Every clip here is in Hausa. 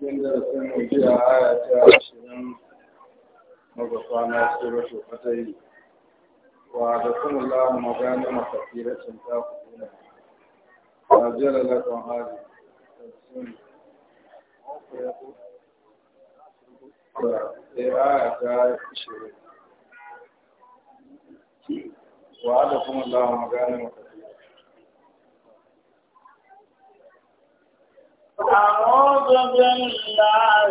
cikin darasin mu jiya aya ta ashirin magafana suratu fatayi wa da kuma lahu magani makasiracin ta kuma ta jira lakon hali da aya ta ashirin wa da kuma lahu magani makasiracin أعوذ بالله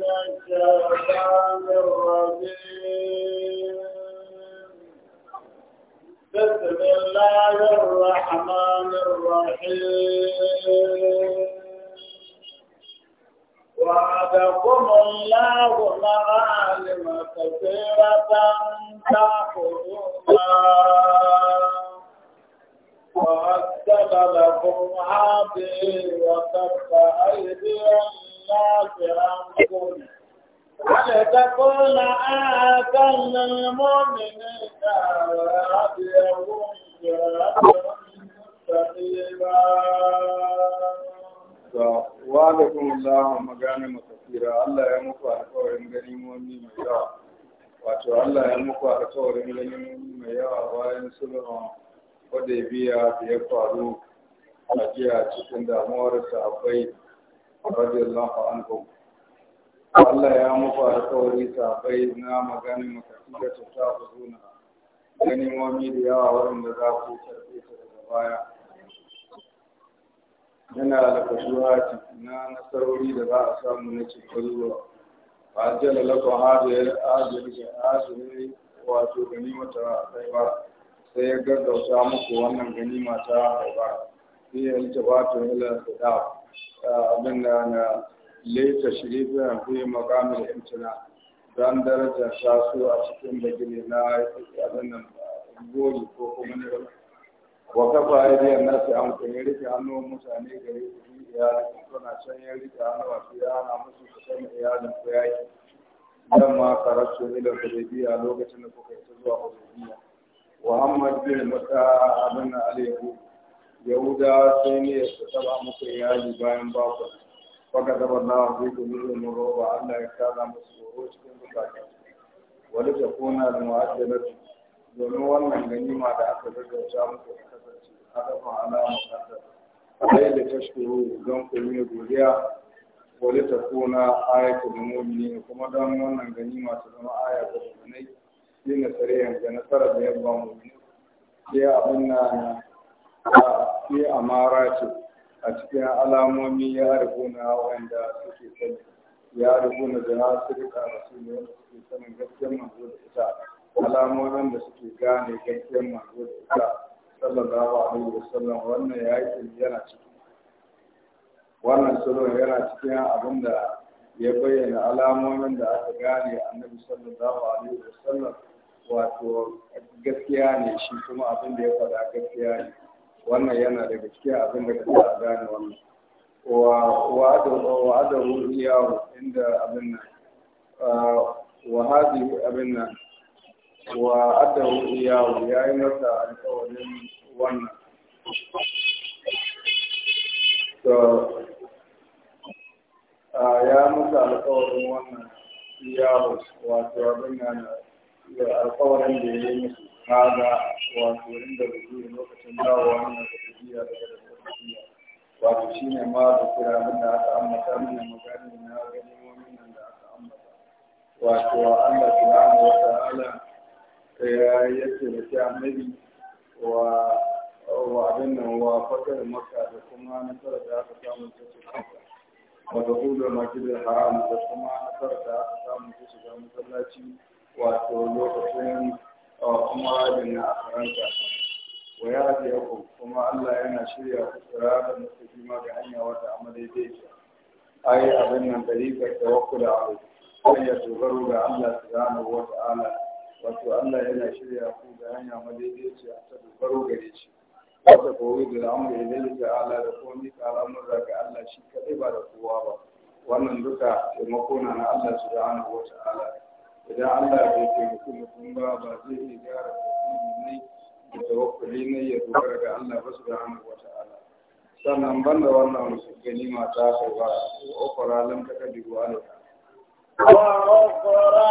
من الشيطان الرجيم بسم الله الرحمن الرحيم وعدكم الله مغانم كثيرة تأخذونها ومثل لكم هذه وكف أيدي الناس عنكم ولتكون آية للمؤمنين ويهديهم صراطا مستقيما. وعليكم الله مغانم كثيرة الله يمك alkawarin ganimomi mai yawa wato Allah ya muku alkawarin ganimomi mai yawa bayan sulhu wadda ya biya da ya faru a jiya cikin damuwar sahabbai radiyallahu anhu Allah ya muku alƙawari sahabbai na maganin makasida ta ta huzuna Gani ganimomi da yawa wurin da za ku karɓe ta daga baya yana da kashuwa na nasarori da za a samu na cikin zuwa ba a jala lafa hajjiyar ajiyar wato gani ganimata ɗaya ba sai ya gaggauta muku wannan ganima ta ba sai ya yi tabbatar ila da abin da na laita na fi makamin imtina don daraja sa su a cikin da gini na abin nan goli ko kuma ne wa kafa na nasu an kun ya rike hannu mutane gare su yi iyalin na can yi rike a wasu ya hana musu su san iyalin ya yi dan ma karatu ila hudaybiya lokacin da kuka yi zuwa hudaybiya muhammad bin mata abin Aliyu yahuda sai ne su taba muku iyali bayan baku baka taba na fi muro roba allah ya kada musu tsoro cikin bukatun wani ta kona da ma'ajalatu domin wannan ganima da aka gaggauta muku da kasance hadafa alama kasar sai da tashkuru don ku yi godiya wani ta kona ayatul mu'minin kuma don wannan ganima ta zama ayatul mu'minin bi yanzu da nasarar da yamma mu sai abin na sai mara ce a cikin alamomi ya rubuna wanda suke sani ya rubuna da nasu rika ne wanda suke sanin gaskiyar manzo da ita alamomin da suke gane gaskiyar manzo da ita sallallahu alaihi sallam wannan yakin yana ciki wannan sulhu yana cikin abin da ya bayyana alamomin da aka gane annabi sallallahu alaihi sallam wato gaskiya ne shi kuma abin da ya faɗa gaskiya ne wannan yana da gaskiya abin da ka sa gane wannan wa adahu iyahu inda abin nan ah, wa hadi abin nan wa adahu iyahu yayi masa alƙawarin wannan to ah, ya masa alƙawarin wannan iyahu wato abin nan da alkawarin da ya yi musu kaga wato inda rujuri lokacin dawowa wannan tafiya daga da tafiya wato shi ne ma da kira abin da aka ambata mana magani na ganimomin nan da aka ambata wato Allah subhanahu wa ta'ala ya taimaki annabi wa wa abin nan wa fatar maka da kuma nasarar da aka samu ta cikin wa da hudu da haram da kuma nasarar da aka samu ta shiga masallaci wato lokacin uh, kuma da na faransa wa ya hadiya ku kuma Allah yana shirya ku tsira da ma ga hanya wata amma daidai ce ai abin nan dariƙar tawakkul a abu sai ya dogaro ga Allah subhanahu wa ta'ala wato Allah yana shirya ku ga hanya a ta dogaro gare shi wata koyi da al'amuri idan ta'ala da komai ka al'amura ga Allah shi kaɗai ba da kowa ba wannan duka taimako na na Allah subhanahu wa ta'ala idan Allah bai taimaki mutum ba ba zai iya gyara tauhidi ne da tawakkuli ne ya dogara ga Allah ba su da hannu. wa ta'ala sannan ban da wannan ganima ta kai ba wa ukra lam takdiru alaiha وأخرى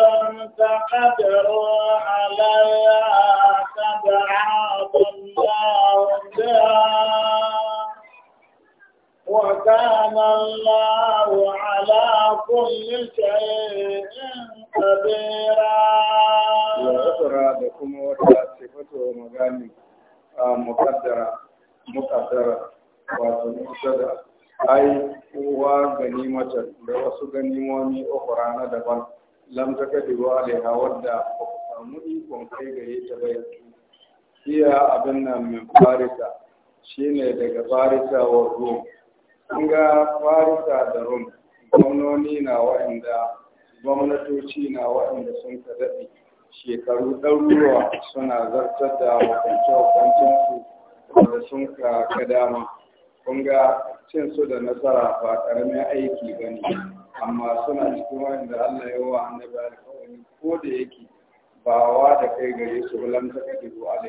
لم تقدروا عليها قد عاد الله بها وكان الله على كل شيء nasara da kuma wata sifato maganin, a mukaddara mukaddara wato mukaddara ai kowa gani macar da wasu gani wani okura na daban lamtaka da ruwa da hawar da samu ikon kai ga yi taba yanzu iya abin nan mai farisa shine daga farisa wa rome kun da rome gwamnoni na waɗanda gwamnatoci na waɗanda sun ka daɗe shekaru ɗaruruwa suna zartar da wakancin su da sun ka kadama kun ga cin da nasara ba ƙaramin aiki ba ne amma suna cikin waɗanda Allah ya wa annabi alƙawari ko da yake ba wa da kai gare su bulanta ka ke zuwa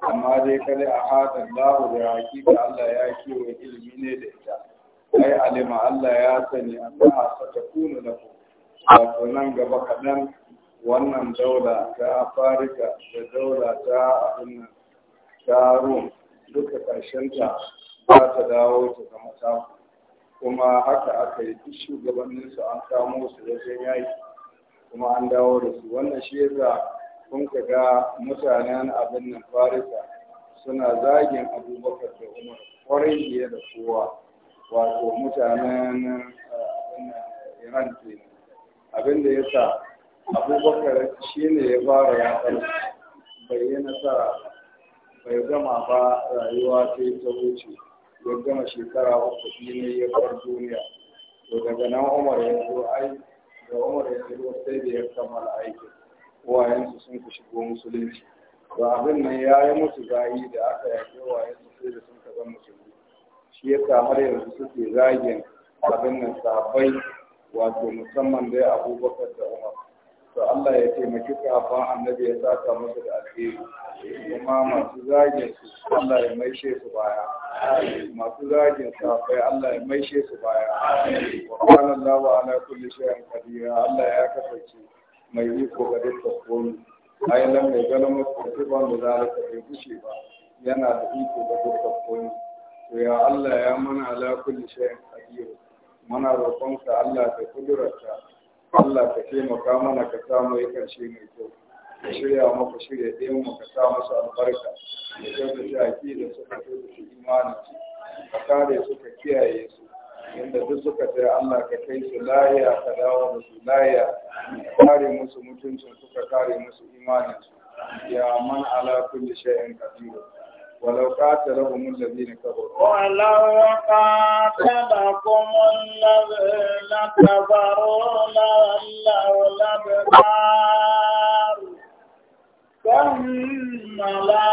amma dai kada a hada lahu da hakika Allah ya kewa ilimi ne da ita ai alima Allah ya sani kuna da ku. wato nan gaba kaɗan wannan daula ta farika da daula ta abin ta rum duka ƙarshenta za ta dawo ta zama ta kuma haka aka yi duk shugabanninsu an kamo su wajen yaki kuma an dawo da su wannan shi yasa kun ka ga mutanen abin nan suna zagin abubakar da umar kwarai biye da kowa wato mutanen eh, iran kenan abin da ya sa abubakar shi ne ya fara ya bai yi nasara bai gama ba rayuwa sai ta wuce ya gama shekara uku shi ne ya bar duniya to daga nan umar ya zo ai da umar ya zo sai da ya kammala aikin wayansu sun ku shigo musulunci to abin nan ya yi musu zayi da aka yaƙi wayansu sai da sun ka zama musulunci shi ya sa har yanzu suke zagin abin nan sabai wato musamman dai abubakar da umar to Allah ya taimaki kafan annabi ya saka musu da alheri kuma masu zagin su Allah ya maishe su baya masu zagin akwai Allah ya maishe su baya wa kana Allahu ala kulli shay'in qadir Allah ya kasance mai iko ga dukkan komai ai lam ya galama kuma da zalika bai gushe ba yana da iko ga dukkan komai to ya Allah ya mana ala kulli shay'in qadir muna roƙonka Allah ka kudurarta Allah ka taimaka mana ka samu ya karshe mai kyau ka shirya maka shirya ɗayan mu ka sa musu albarka da ta aki da suka fi imanin su ka kare su ka kiyaye su yadda duk suka tsaye Allah ka kai su lahiya ka dawo da su lahiya ka kare musu mutuncin suka kare musu imanin su ya man ala kulli shay'in qadir ولو قاتلهم الذين كفروا ولو قاتلهم الذين كفروا لولوا الابدار ثم لا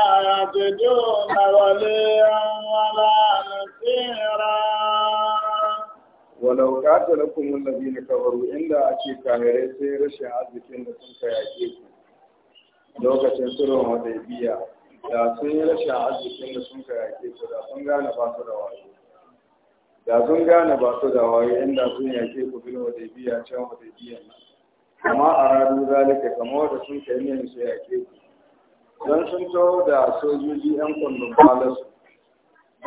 يجدون وليا ولا نصيرا ولو قاتلكم الذين كفروا إلا أشي كاهرين سيرشي عزكين لكم كياكيكم لوكا تنصرهم وديبيا da sun yi rashin arzikin da sun kayake su da sun gane ba su da wayo da sun gane ba su da wayo inda sun yake ku fil hudaybiya can hudaybiya amma a radu zalika kamar da sun kai ne su yake ku don sun taho da sojoji yan kwandon palace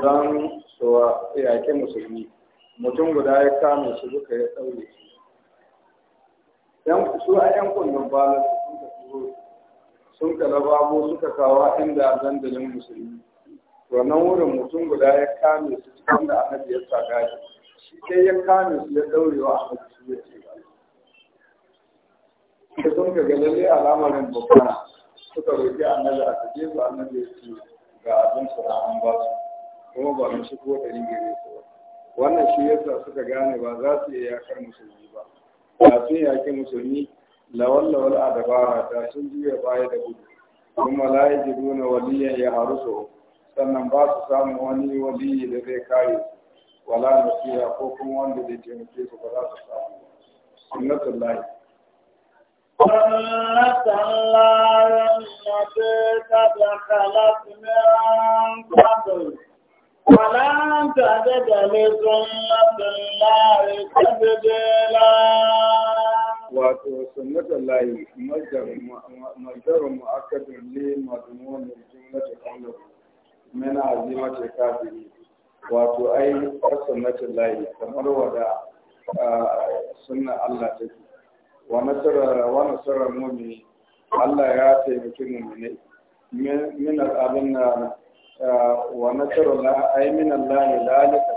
don su yake musulmi mutum guda ya kame su duka ya ɗaure su su a yan kwandon palace sun ka mu suka kawo inda zandalin musulmi nan wurin mutum guda ya kame su cikin da annabi ya sa gashi shi dai ya kame su ya daurewa a kan su ya ce ba sun ka ga lalle alamarin bukana suka roƙi annabi a kaje su annabi ya ce ga abin su da an ba su kuma ba mu ko da rigire su ba wannan shi yasa suka gane ba za su iya yakar musulmi ba kafin yaƙi musulmi lawalla wal adabara da sun juya baya da gudu kuma la yajiduna waliyan ya harusu sannan ba su samu wani waliyi da zai kare su wala nasiya ko kuma wanda zai taimake su ba za su samu sunnatul lahi sunnatul lahi allati qad khalat min qabl ولن تجد لسنة الله تبديلا wato layi, sunnatul lahi mazdarun mu'akkadun li madmunin jumlatul qawlu min azimatul kafiri wato ai sunnatul layi kamar wada sunna Allah ta ke, wa nasarar mu'mini Allah ya taimaki mu'mini minar abin na wa nasarar la ai min Allah lalika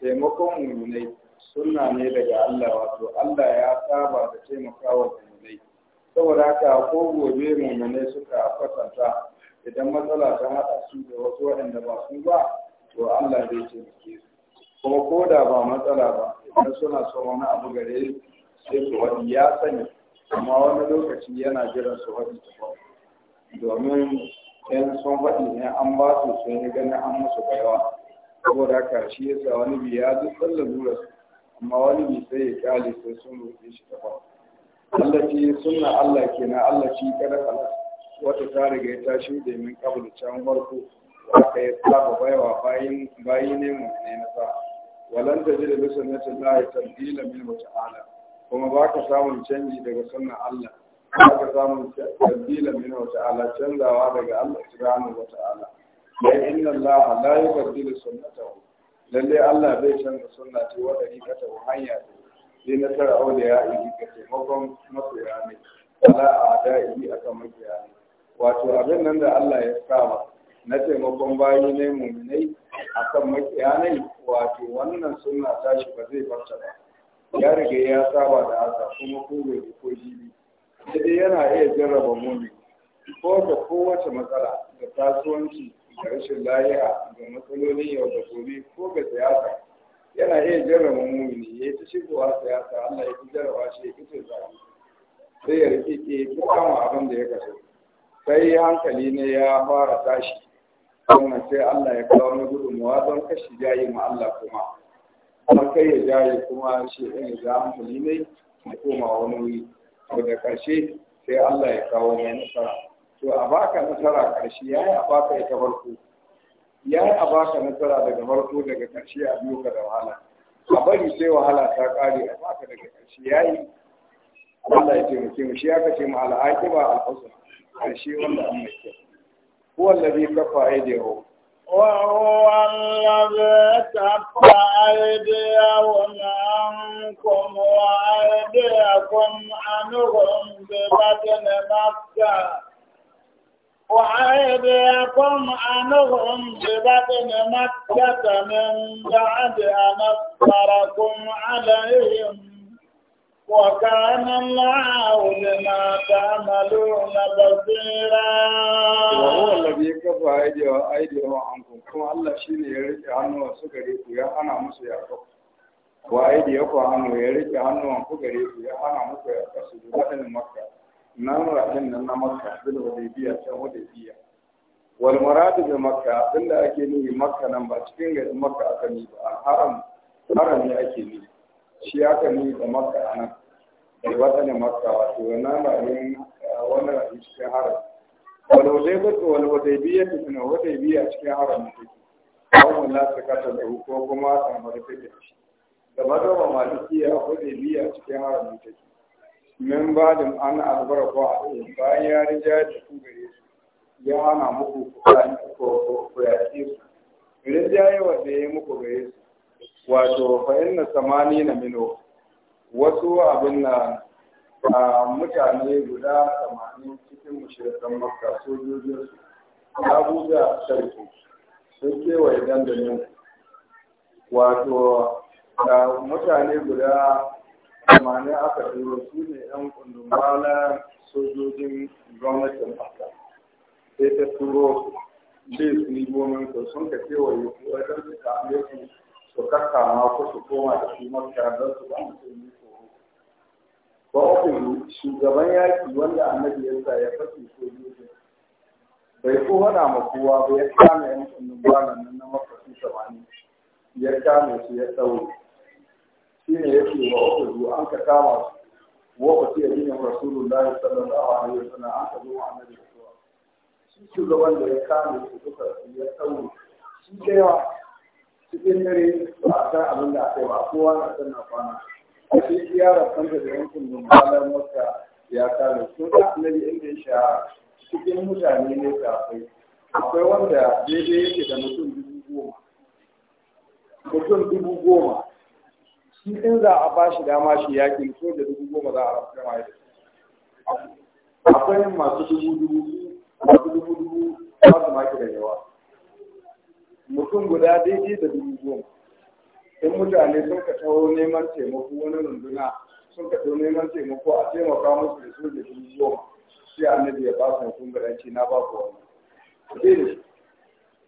taimakon mu'minai sunna ne daga Allah wato Allah ya saba da taimakawa mummunai saboda haka ko gobe mummunai suka kwatanta idan matsala ta haɗa su da wasu waɗanda ba su ba to Allah zai taimake su kuma ko da ba matsala ba idan suna son wani abu gare sai su wani ya sani amma wani lokaci yana jiran su ta domin yan sun faɗi ne an ba su sun yi ganin an musu baiwa saboda haka shi yasa wani biya duk sallar su amma wani bi sai ya kyale sai sun roƙe shi daban Allah ce sunna Allah ke na Allah shi kada kana wata ta riga ya tashi da min kabul can farko aka yi saba baiwa bayin bayi ne mu ne na sa walan ta ji da sunnatin Allah tabdila min wa ta'ala kuma ba ka samun canji daga sunna Allah ba ka samun tabdila min wa ta'ala canzawa daga Allah subhanahu wa ta'ala ya inna Allah la yubdilu sunnatahu lalle Allah zai canza sunna ce wadda ni hanya ce sai na tara aure ya yi ga taimakon masoya ne ala a da'i akan makiya ne wato abin nan da Allah ya saba na taimakon bayi ne a kan makiya ne wato wannan sunna ta shi ba zai barta ba ya riga ya saba da haka kuma ko gobe ko jibi sai yana iya jarraba mumin ko da kowace matsala da kasuwanci da rashin lahiya da matsalolin yau da gobe ko ga siyasa yana iya jarraba mumini ya yi ta shigowa siyasa Allah ya fi jarraba shi ya fi ce zaɓi sai ya rikice ya kama abin da ya kaso sai hankali ne ya fara tashi kuma sai Allah ya kawo na gudunmawa don kashi jayi ma Allah kuma har kai ya jaye kuma shi ɗin ya ja hankali ne ya koma wani wuri da ƙarshe sai Allah ya kawo mai nasara to a baka nasara ƙarshe ya yi a baka ita farko ya yi a baka nasara daga farko daga ƙarshe a biyo ka da wahala a bari sai wahala ta ƙare a baka daga ƙarshe ya yi Allah ya taimake mu shi ya kace mu al'aqiba al-husn ƙarshe wanda an mai kyau huwa allazi kafa aidiyahu وهو الذي كف أيديهم عنكم وأيديكم عنهم ببطن مكة يقوم عنهم ببطن مكة من بعد أن أصبركم عليهم وكان الله بما تعملون بصيرا وهو الذي كفى أيديهم عنكم كما الله شيني يرجع عنه وسكريكم يا أنا مسيح وأيديكم عنه يرجع عنه وسكريكم يا أنا مسيا وسجد مكة namura din nan na makka bil hudaybiya can hudaybiya wal muradu bi makka da ake nufi makka nan ba cikin garin makka aka ni ba haram haram ne ake ni shi aka ni da makka anan bai wata ne makka wato wannan ba ne wannan a cikin haram wal hudaybiya wal hudaybiya tana hudaybiya cikin haram take kawun la ta kata da ko kuma ta mara take shi gaba da malikiya hudaybiya cikin haram take min ba da an albara ko a ɗaya bayan ya rija da ku gare su ya hana muku ko ku yaƙe su rija yawa da ya muku gare su wato fa inna samani na mino wasu abin na a mutane guda samanin cikin mushirikan makka sojojin su buga sarki sun kewaye dandalin wato mutane guda tamanin aka ɗora su ne yan kundumala sojojin gwamnatin Makka. Sai ta turo ce su ni gomen su sun ka kewaye su wajen su kame su su ma ko su koma da su mafiya don su ba musulmi tsoro. Ba uku shugaban yaƙi wanda annabi ya sa ya fashe sojojin bai ko hana ma kowa ba ya kame yan kundumala nan na Makka su ya kame su ya tsawo shine ne yake wa wata zuwa an ka kama su wa ya yi da sallallahu alaihi wasallam an ka zo wa annabi sallallahu shi shugaban da ya kame su duka ya tsawo shi da yawa cikin dare ba a san abin da aka yi ba kowa na san na kwana a shi ziyarar kanta da yankin mummalar maka ya kame su da annabi inda ya sha cikin mutane ne kafai akwai wanda daidai yake da mutum dubu goma mutum dubu goma shi in za a ba shi dama shi yakin so da dubu goma za a rafi gama ya akwai masu dubu dubu masu dubu dubu ba su maki da yawa mutum guda daidai da dubu goma in mutane sun ka taho neman taimako wani runduna sun ka taho neman taimako a taimaka musu da so da dubu goma sai annabi ya ba su mutum guda ce na ba ku wani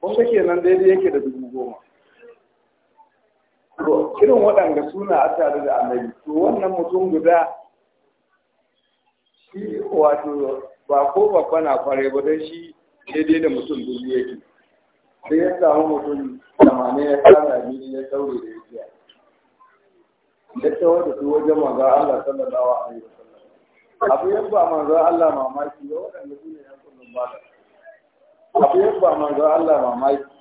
kun ga kenan daidai yake da dubu goma to irin waɗanda suna a tare da annabi to wannan mutum guda shi wato ba ko babba na kware ba don shi daidai da mutum dubu yake sai ya samu mutum tamanin ya tsara biyu ya saurin da yajiya ya tawar da su wajen maza Allah sallallahu alaihi sallam. abu yan ba manzo Allah mamaki ya waɗanda su ne yan kullum ba abu yan ba manzo Allah mamaki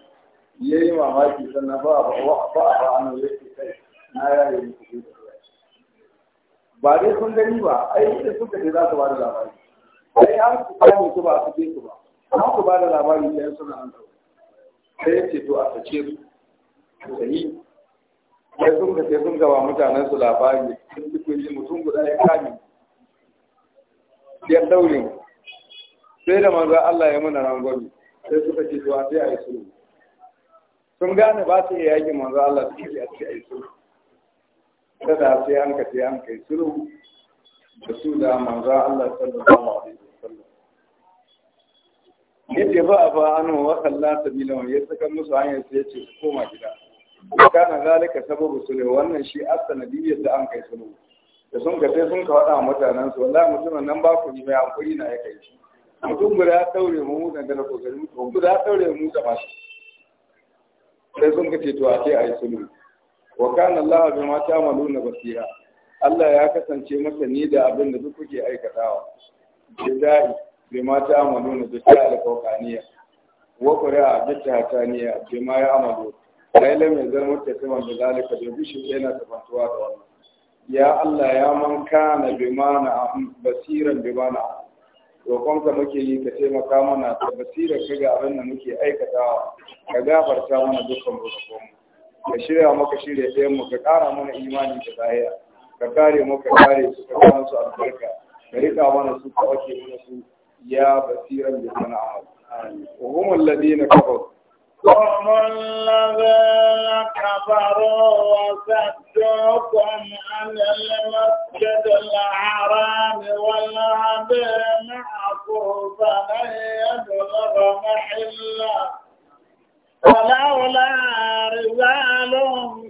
ya yi mamaki sannan ba a ba a nan ya ce kai na yi muku kuɗi ba dai sun gani ba ai ita suka ce za su ba da labari ai an su kame su ba su ke su ba an ku ba da labari sai suna an zaune sai ya ce to a sace su da yi sai sun ka sai sun gaba mutanen su labari sun ci kuyi mutum guda ya kame ya daure sai da manzo Allah ya muna rangwami sai suka ce to a sai a yi sulhu sun gane ba su iya yaƙi manzo Allah su yi a ce ai sulhu da da sai an ka sai an kai sulhu da su da manzo Allah sallallahu alaihi wasallam yace ba a ba an wa kalla sabila ya saka musu hanyar sai ya ce su koma gida kana zalika sababu sulhu wannan shi asanabiyyar da an kai sulhu da sun ka sai sun ka faɗa mutanen su wallahi mutumin nan ba ku ni mai hankuri na ya kai shi mutum guda ya daure mu da dala kokari mutum guda ya daure mu da mashi sai sun kace to a ce a yi sulhu wa kana Allah bima na basira Allah ya kasance ni da abin da duk kuke aikatawa bidai bima ta'maluna bi ta'al qawqaniya wa qira'a bi ta'taniya bima ya'malu lai lam yazal mutasima bi zalika bi bishi yana tabantuwa da wannan ya Allah ya man kana ma na basiran ma na ka muke yi ka taimaka mana da basirar ka ga abin da muke aikatawa ka gafarta mana dukkan roƙonmu ka shirya maka shirya ɗayan mu ka ƙara mana imani da zahira ka kare mu ka kare su ka kawo su albarka ka rika mana su ka wake mana su ya basiran da sana'a wa humul ladina kafaru هم الذين كفروا وصدوكم عن المسجد الحرام والهدي معكوفا أن يبلغ محله ولولا رجال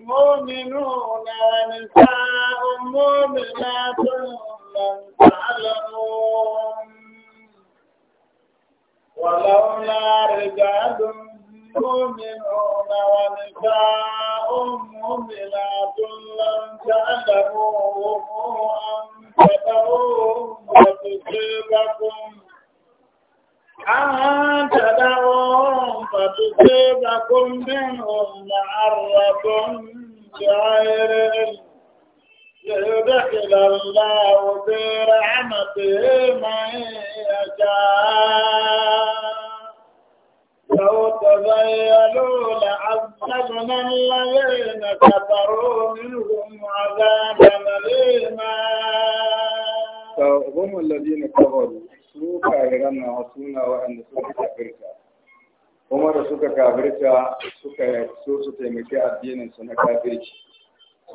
مؤمنون ونساء مؤمنات لم تعلمون ولولا رجال مؤمنون ونساء مؤمنات لم تعلموهم أن تدعوهم وتصيبكم أن تدعوهم فتصيبكم منهم معرة بغير علم ليدخل الله في رحمته من يشاء أخذنا الذين كفروا منهم عذابا أليما هم الذين كفروا su kafiran na suna waɗanda suka kafirta kuma da suka kafirta suka so su taimaki addinin su na kafirci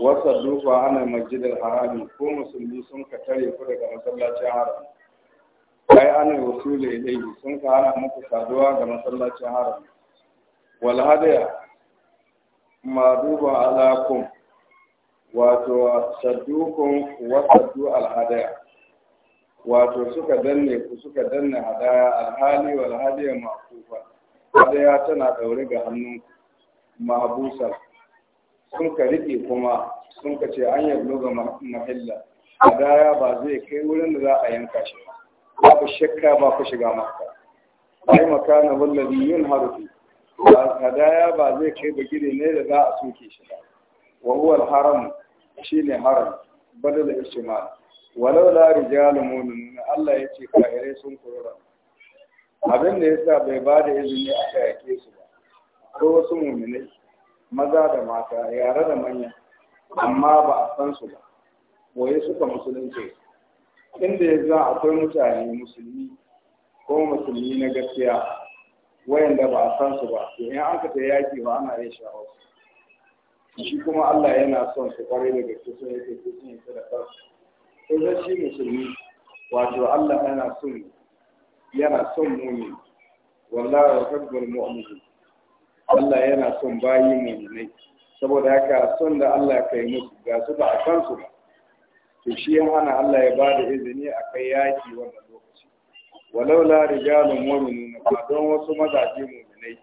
wasa duba ana masjidar harami ko musulmi sun ka tare ku daga masallacin haram Kai ana wasu ilayhi sun ka hana muku saduwa ga masallacin haram walhadaya maduba alakum wato saddukun wasaddu alhadaya wato suka danne ku suka danne hadaya alhali wal hadiya ma'kufa hadaya tana daure ga hannun mahbusa sun ka rike kuma sun ka ce an yablo ga mahilla hadaya ba zai kai wurin da za a yanka shi ba ku shakka ba ku shiga maka ai makana wallazi yunharu hadaya ba zai kai ba gire ne da za a soke shi ba wa huwa haram shine haram badal ishmal walau la rijalun mu'minun Allah yace kafirai sun kurura abin da yasa bai ba da izini a kayake su ba ko wasu mu'minai maza da mata yare da manya amma ba a san su ba boye suka musulunci inda ya za akwai mutane musulmi ko musulmi na gaskiya wayanda ba a san su ba to in ka ta yaki ba ana iya shawo shi kuma Allah yana son su kare daga gaske yake ko sun yake da kansu ko da shi musulmi wato Allah yana son yana son mu ne wallahi yuhibbul mu'minu Allah yana son bayi ne saboda haka son da Allah kai musu ga su ba a kansu ba to shi yana Allah ya bada izini a kai yaki wannan lokaci walaula rijalun mu'minun ba don wasu mazaje mu'minai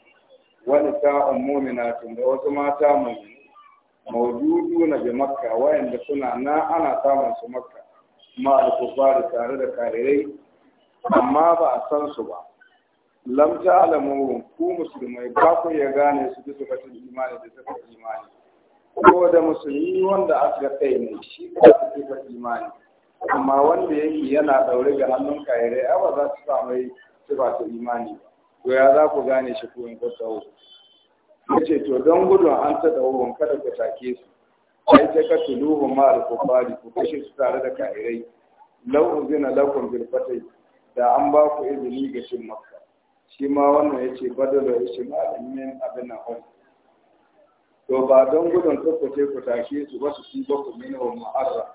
wani sa'un mu'minatun da wasu mata mu'minai mawjudu na bi makka wayanda suna na ana samun su makka ma al tare da karirai amma ba a san su ba lam ta'lamu ku musulmai ba ku ya gane su bisa batun imani da suka imani ko da musulmi wanda aka kai ne shi ba su imani amma wanda yake yana daure ga hannun kayarai ai ba za su samu mai sifa ta imani to ya za ku gane shi ko in ya ce to don gudun an ta dawon kada ka take su sai ta ka tuluhu ma al kufari ku kashe su tare da kayarai law zina lakum bil fatai da an ba ku izini ga shin makka shi ma wannan yace badalo ma alimin abin nan to ba don gudun tsaftace ku take su ba su ci ba ku mina wa ma'arra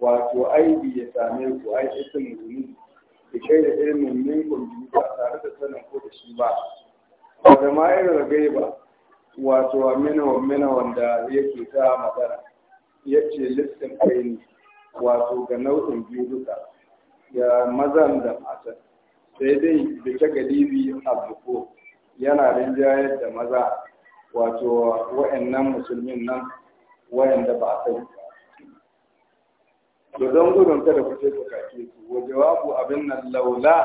wato aibi ya same ku ai isin zuni da kai da ilimin minkum bi ba tare da sanin ko da shi ba da ma irin gaiba wato amina wa mina wanda yake ta magana ya ce listin kai ne wato ga nau'in biyu duka ya mazan da matan sai dai da ta galibi abuko yana rinjayar da maza wato wa'annan musulmin nan wa'anda ba a sani da don gudun kada ku ce ku kake su wa jawabu abin nan laula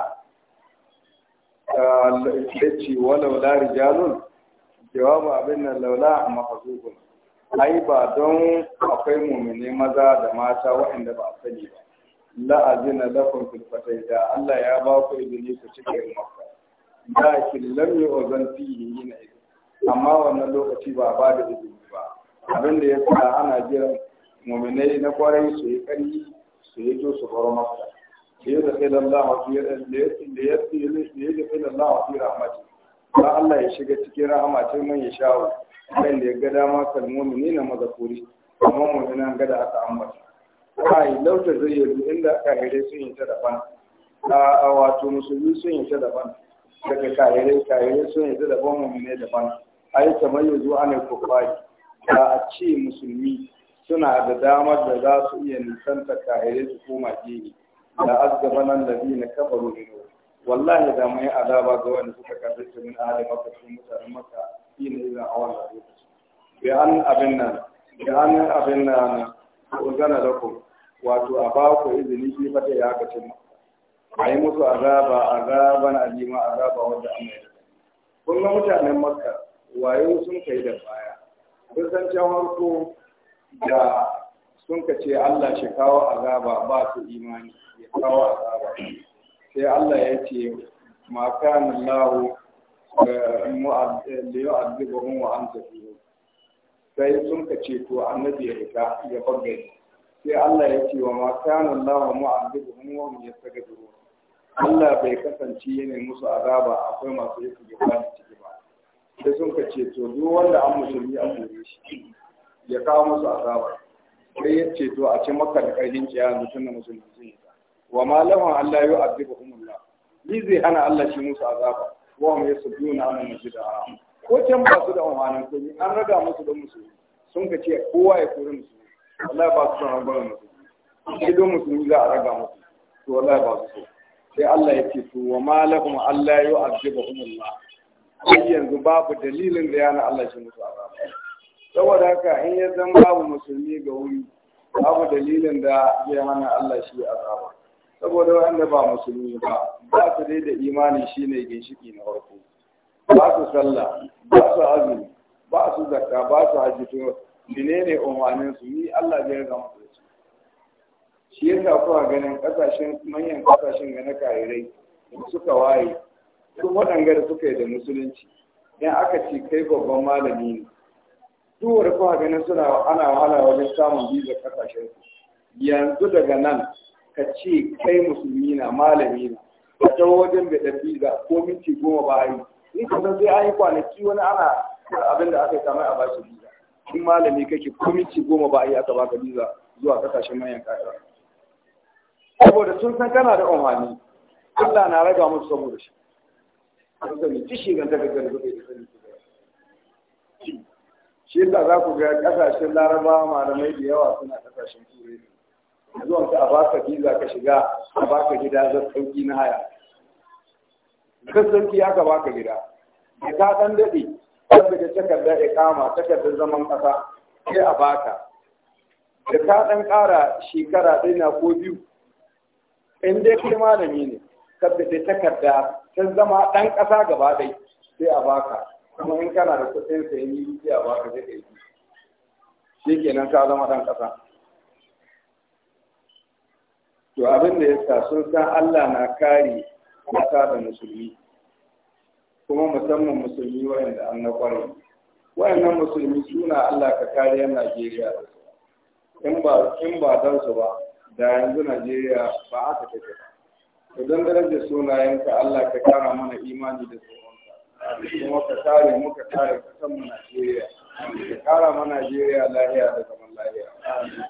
eh, ce wa laula rijalun jawabu abin nan laula mafazubun ai ba don akwai mumine maza da mata waɗanda ba a sani ba la'azina lakum filfatai da Allah ya ba ku izini ku cike makka lakin lam yi na ina amma wannan lokaci ba ba da izini ba abin da sa ana jiran muminai na kwarai su yi ƙarfi su yi to su baro masa da ya zafi lallahu fi da ya zafi lallahu fi rahmati ba Allah ya shiga cikin rahmatin man ya shawo kan da ya ga dama kalmomi ne na mazakuri amma muminan gada aka ambata kai lauta zai yi inda kahirai sun yi ta daban a wato musulmi sun yi ta daban daga kahirai kahirai sun yi ta daban muminai daban a yi kamar yanzu ana kofari da a ce musulmi suna da damar da za su iya nisanta kayayyar su koma gini da azgaba nan da biyu na kafaru ne wallahi da mai azaba ga wanda suka su min ahalin makka sun mutanen makka shi ne idan awon da lokaci bi an abin nan bi an abin nan uzana lakum wato a ba ku izini shi fata ya ka cin a yi musu azaba azaban alima azaba wanda an mai kun ga mutanen makka wayo sun kai da baya kun san can harko da sun ka ce Allah shi kawo azaba ba su imani ya kawo azaba sai Allah ya ce ma kana Allah eh, liyu'adhibuhum wa anta fihim sai sun ka ce to annabi ya fita ya bagge sai Allah ya ce wa ma kana Allah mu'adhibuhum wa saga duro Allah bai kasance yana musu azaba akwai masu yi gaba ciki ba sai sun ka ce to duk wanda an musulmi a kore shi ya kawo musu azaba sai ya ce to a ce maka da karhin ciya yanzu tun da musulmi sun yi ta wa ma lahum Allah yu azibu umullah ni zai hana Allah shi musu azaba wa hum yasbuna musu da haram ko can ba su da amfanin komai an raga musu da musulmi sun ka ce kowa ya kori musulmi wallahi ba su son rangwamen musulmi shi don musulmi za a raga musu to wallahi ba su so sai Allah ya ce to wa ma lahum Allah yu azibu umullah ai yanzu babu dalilin da yana Allah shi musu azaba saboda haka in ya zama babu musulmi ga wuri babu dalilin da zai hana Allah shi azaba saboda wanda ba musulmi ba ba su dai da imani shine ginshiki na farko ba su sallah ba su azumi ba su zakka ba su hajji to menene umarnin su ni Allah zai ga musu shi yasa kuwa ganin kasashen manyan kasashen ga na kairai suka waye duk waɗanga da suka yi da musulunci in aka ce kai babban malami ne duk wanda kuma ganin suna ana wahala wajen samun biza kasashen su yanzu daga nan ka ce kai musulmi na malami na ka tawo wajen da biza ko minti goma ba yi in ka san sai an yi kwanaki wani ana abin da aka yi kamar a bashi biza in malami kake ko minti goma ba yi aka baka biza zuwa kasashen manyan kasa saboda sun san kana da amfani Allah na raga musu saboda shi. Sun sani, ci shi ganta gaggar da kai da shi da za ku ga kasashen larabawa malamai da yawa suna kasashen turai zuwan ka a baka visa ka shiga a baka gida zan sauki na haya zan sauki aka baka gida da ta dan dade wanda da takardar ikama takardar zaman kasa sai a baka da ta dan kara shekara ɗaya na ko biyu in dai kai malami ne kada da takarda ta zama dan kasa gaba ɗaya sai a baka kuma in kana da kuɗin sai yi a ba ka zai yi shi nan ka zama ɗan ƙasa to abin da ya sa sun san Allah na kare mata da musulmi kuma musamman musulmi da an na kwarai wayannan musulmi suna Allah ka kare yan Najeriya in ba in ba don su ba da yanzu Najeriya ba aka take ba to don darajar sunayenka Allah ka kara mana imani da su kuma ka kare muka kare kasan mu Najeriya ka kara ma Najeriya lahiya da zaman lahiya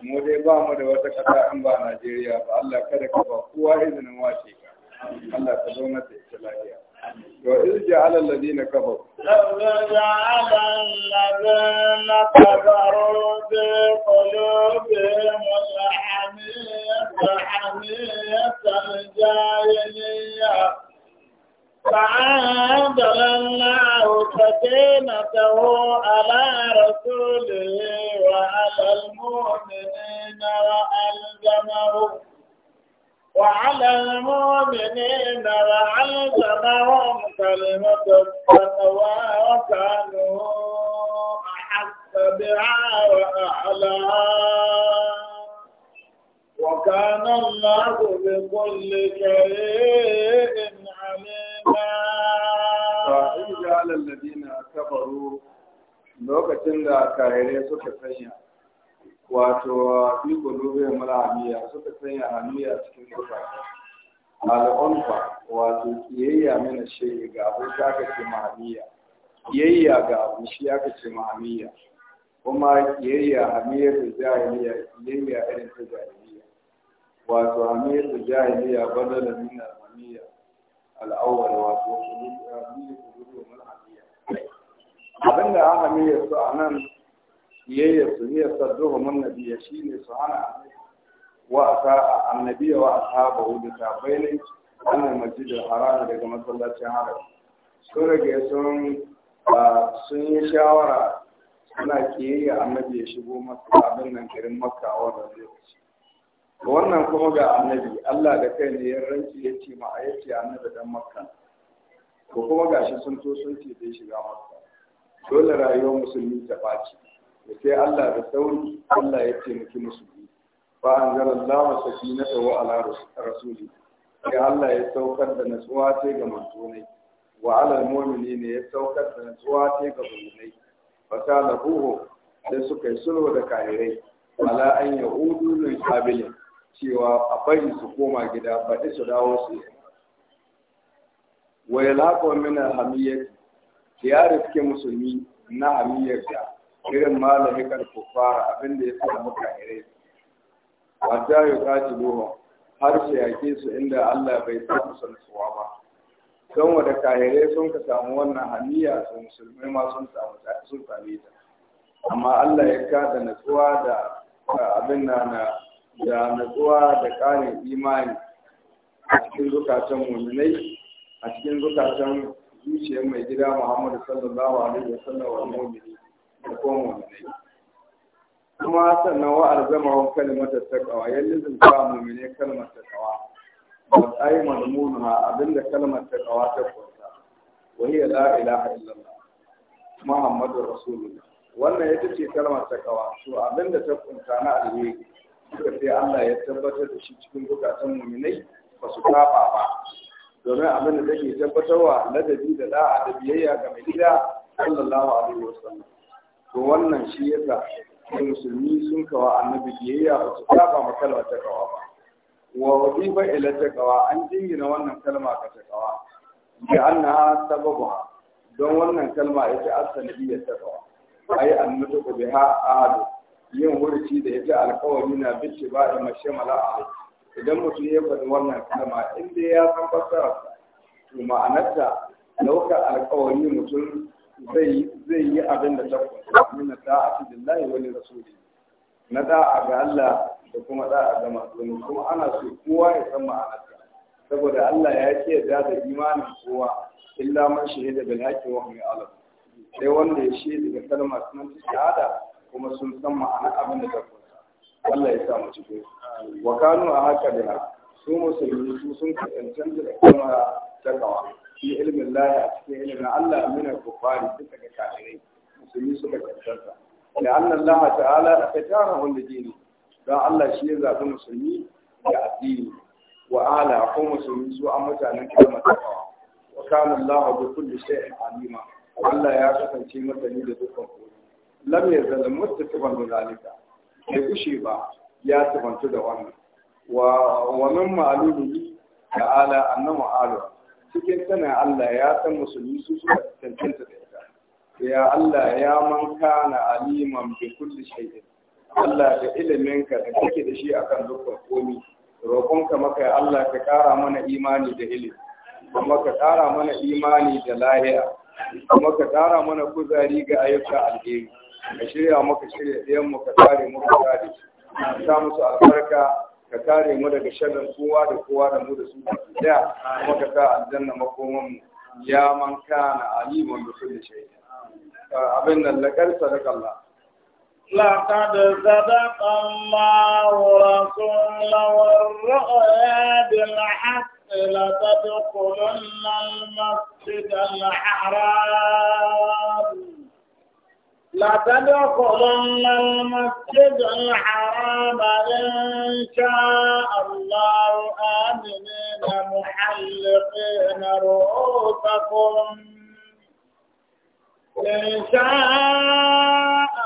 mu dai ba mu da wata kasa an ba Najeriya ba Allah kada ka ba kowa izinin wace ka Allah ka zauna da ita lahiya وإذ جعل الذين كفروا لو جعل الذين كفروا في قلوبهم الحمية حمية الجاهلية فعادل الله سكينته على رسوله وعلى المؤمنين وألزمهم وعلى المؤمنين وألزمهم كلمة التقوى وكانوا أحق بها وأعلاها وكان الله بكل شيء عليم ladina lokacin da kayare suka sanya wato fi gulubin malamiya suka sanya hamiya cikin zuka al'unfa wato kiyayya mana shi ga abu shi aka ce mahamiya kiyayya ga abu shi aka ce mahamiya kuma kiyayya hamiyar da jahiliya kiyayya irin ta jahiliya wato hamiyar da jahiliya bada da nuna hamiya al'awwal wato kudu kudu mal'amiya abinda an hamiya su a nan yayya su ne sadduhu mun nabiya shine su hana wa asa annabiya wa ashabahu da tabaini wannan masjidil haram daga masallacin haram sun rage sun sun yi shawara suna kiyayya annabi ya shigo masa abin nan garin makka a wannan lokaci wannan kuma ga annabi Allah da kai ne ya ranci ya ce ma a annabi dan makka ko kuma gashi sun to sun ce zai shiga makka dole rayuwar musulmi ta baci da sai Allah da sauri Allah ya ce miki musulmi fa anzalallahu sakinatahu ala rasuli sai Allah ya saukar da nasuwa ce ga mantonai wa ala ne ya saukar da nasuwa ce ga mu'minai fa salahuhu sai suka yi sulhu da kafirai ala an yahudu lil qabilin cewa a bari su koma gida baɗi su dawo su yi wa ya mina hamiyyar ya rufke musulmi na hamiyyar da irin malami karfo fara abinda ya fara muka ire hatta ya kaji doha har su ke su inda Allah bai sa musu nasuwa ba don wada kahirai sun ka samu wannan hamiya su musulmai ma sun samu sun sami ta amma Allah ya kada natsuwa da abin na na da nutsuwa da ƙarin imani a cikin zukatan muminai a cikin zukatan zuciyar mai gida muhammadu sallallahu alaihi wa sallam wa mumini da kuma muminai kuma sannan wa alzama wa kalmatar yadda ya lizinta muminai kalmar ba ta yi madmunha abinda kalmar takawa ta kunsa wani ya la ilaha illallah Muhammadu rasulullah wannan ita ce kalmar takawa, to abinda ta kunsa na alheri suka sai Allah ya tabbatar da shi cikin bukatan muminai ba su kafa ba domin abin da take tabbatarwa ladabi da da'a da biyayya ga mai gida sallallahu alaihi wasallam to wannan shi yasa musulmi sun kawa annabi biyayya ba su kafa ma kalmar takawa ba wa wadifa ila takawa an jingina wannan kalma ka takawa bi annaha sababu don wannan kalma ita ta takawa ai annatu biha ahadu yin wurci da ita alkawari na bishi ba da mace mala'a idan mutum ya faɗi wannan kalma in dai ya san fassararsa to ma'anarta ɗaukar alkawari mutum zai yi abin da ta kunsa min da'a lillahi wa rasuli na da'a ga Allah da kuma da'a ga manzon kuma ana so kowa ya san ma'anarta saboda Allah ya ce da da imanin kowa illa man shahida bil haqqi wa hum ya'lamun sai wanda ya shaida da kalmar sunan shahada kuma sun san ma'ana abin da ta kusa Allah ya sa mu cikin wa kanu a haka da su musulmi su sun kasance da kuma takawa fi ilmin lahi a cikin ilmin Allah min al-kufari duka ga kafirai musulmi suka kasance da annan Allah ta'ala ta tara wanda dini don Allah shi ya zaɓi musulmi da addini wa ala ko musulmi su a mutanen kalmar takawa wa kana Allah bi kulli shay'in alima Allah ya kasance masani da dukkan lam ya zalla ta da zalika bai kushe ba ya sifantu da wannan wa wa min ma'lumihi ta'ala annahu alim cikin sana Allah ya san musulmi su su tantance da ita ya Allah ya man kana aliman bi kulli shay'in Allah da iliminka da kake da shi akan dukkan komi roƙonka maka ya Allah ka ƙara mana imani da ilimi kuma ka ƙara mana imani da lahiya kuma ka ƙara mana kuzari ga ayyuka alheri ka shirya maka shirya ɗayan ka kare mu ka kare ka sa musu albarka ka kare mu daga sharrin kowa da kowa da mu da su da kuma ka sa aljanna makoman mu ya man kana aliman bi kulli shay abin nan laqad sadaqa Allah لقد صدق الله رسوله الرؤيا بالحق لتدخلن المسجد الحرام لتدخلن المسجد الحرام إن شاء الله آمنين محلقين رؤوسكم إن شاء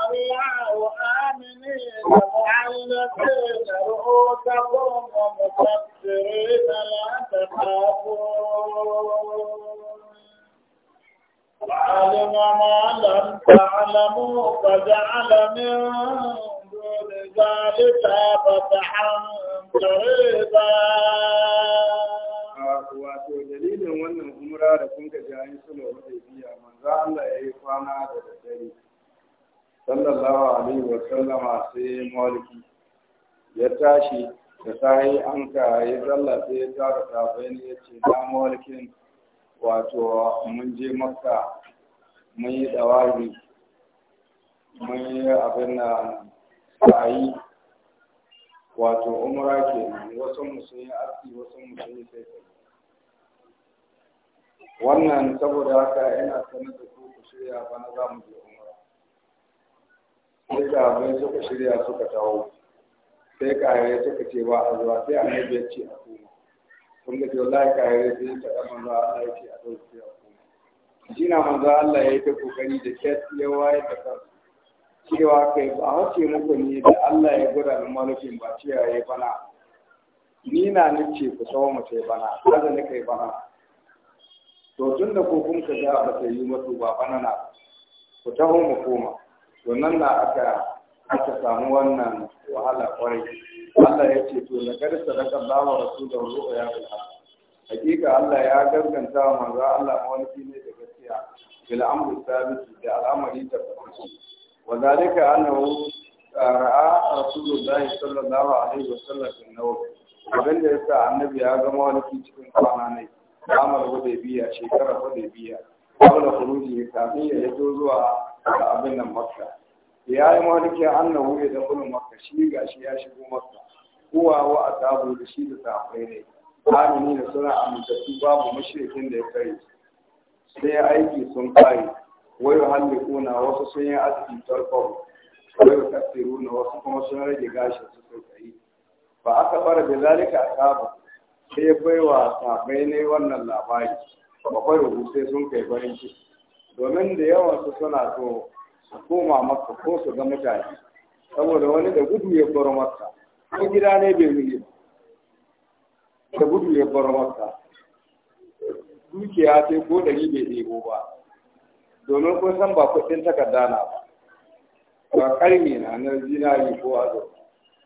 الله آمنين محلقين رؤوسكم ومكسرين لا تخافون وعلم ما لم تعلموا فجعل من دون ذلك فتحا قريبا wato dalilin wannan umra da kun ga jayin sulhu hudaybiya manzo Allah yayi kwana da daddare sallallahu alaihi wa sallama sai maliki ya tashi da sai an ka ya zalla sai ya tara sabai ne ya ce da malikin wato mun je makka mun yi dawari mun yi abin na sa'ayi wato umra ke wasu yi arki wasu musu yi sai wannan saboda haka yana sanar da ku ku shirya bana za mu je umra sai ga abin suka shirya suka tawo sai kare suka ce ba a zuwa sai annabi ya ce a kuma sun ga wallahi kayare sun ta dan manzo Allah ya ce a dauke ya ku jina manzo Allah ya yi ta kokari da kyas ya waye da kan cewa kai ba hace muku ne da Allah ya gura da malufin ba ce ya bana ni na nace ku sawo mu sai bana kada ni kai bana to tun da ko kun ka ga ba ta yi mutu ba bana na ku taho mu koma to nan na aka aka samu wannan wahala kwarai Allah ya ce to laqad sadaqa Allahu rasulahu ru'ya ya haqq hakika Allah ya gaskanta wa manzo Allah wani ne da gaskiya bil amru sabit da al'amari ta kuma wa zalika annahu ra'a rasulullahi sallallahu alaihi wa sallam nawm abin da yasa annabi ya ga mawarki cikin kwana ne amar hudaybiya shekarar biya kawai da kuruji kafin ya zo zuwa abin nan makka ya yi maliki annahu ya dakhulu makka shi gashi ya shigo makka huwa wa asabu da shi da safai ne amini da suna amintattu babu mashirikin da ya kare sai aiki sun kare wai hallikuna wasu sun yi aski tarkon wai na wasu kuma sun rage gashin su sun kai ba aka fara da zalika asabu sai baiwa safai ne wannan labari bakwai rubuce sun kai farin ciki domin da yawan su suna so su koma maka ko su ga mutane saboda wani da gudu ya bar maka ko gida ne bai wuce ba da gudu ya bar maka dukiya sai ko ni bai ɗebo ba domin kun san ba kuɗin takarda na ba ba ƙarni na na zinari ko azo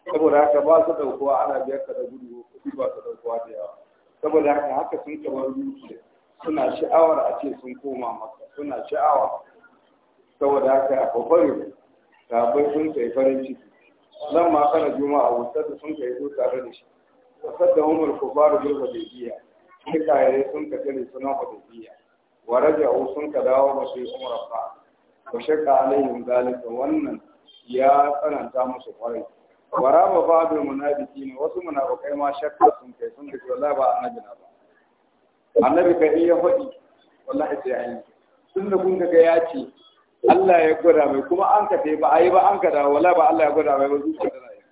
saboda haka ba su ɗaukowa ana biyar ka da gudu ko kuɗi ba su ɗaukowa da yawa saboda haka haka sun kamar dukiya suna sha'awar a ce sun koma maka suna sha'awa saboda haka babbar bai sun kai farin ciki nan ma kana juma'a wutar da sun kai zo tare da shi wasu da umar da kubaru bil hudaybiya sai kayare sun ka tare sunan hudaybiya wa raja'u sun ka dawo ba su yi umar fa wa shakka alaihim zalika wannan ya tsananta musu kwarai wa raba ba'dul munafiqina wasu munafikai ma shakka sun kai sun kai wallahi ba annabi na ba annabi kai ya faɗi wallahi sai ayi tun da kun ga ya ce Allah ya gwada mai kuma an ka ba a yi ba an ka dawo wala ba Allah ya gwada mai ba zuciya da rayu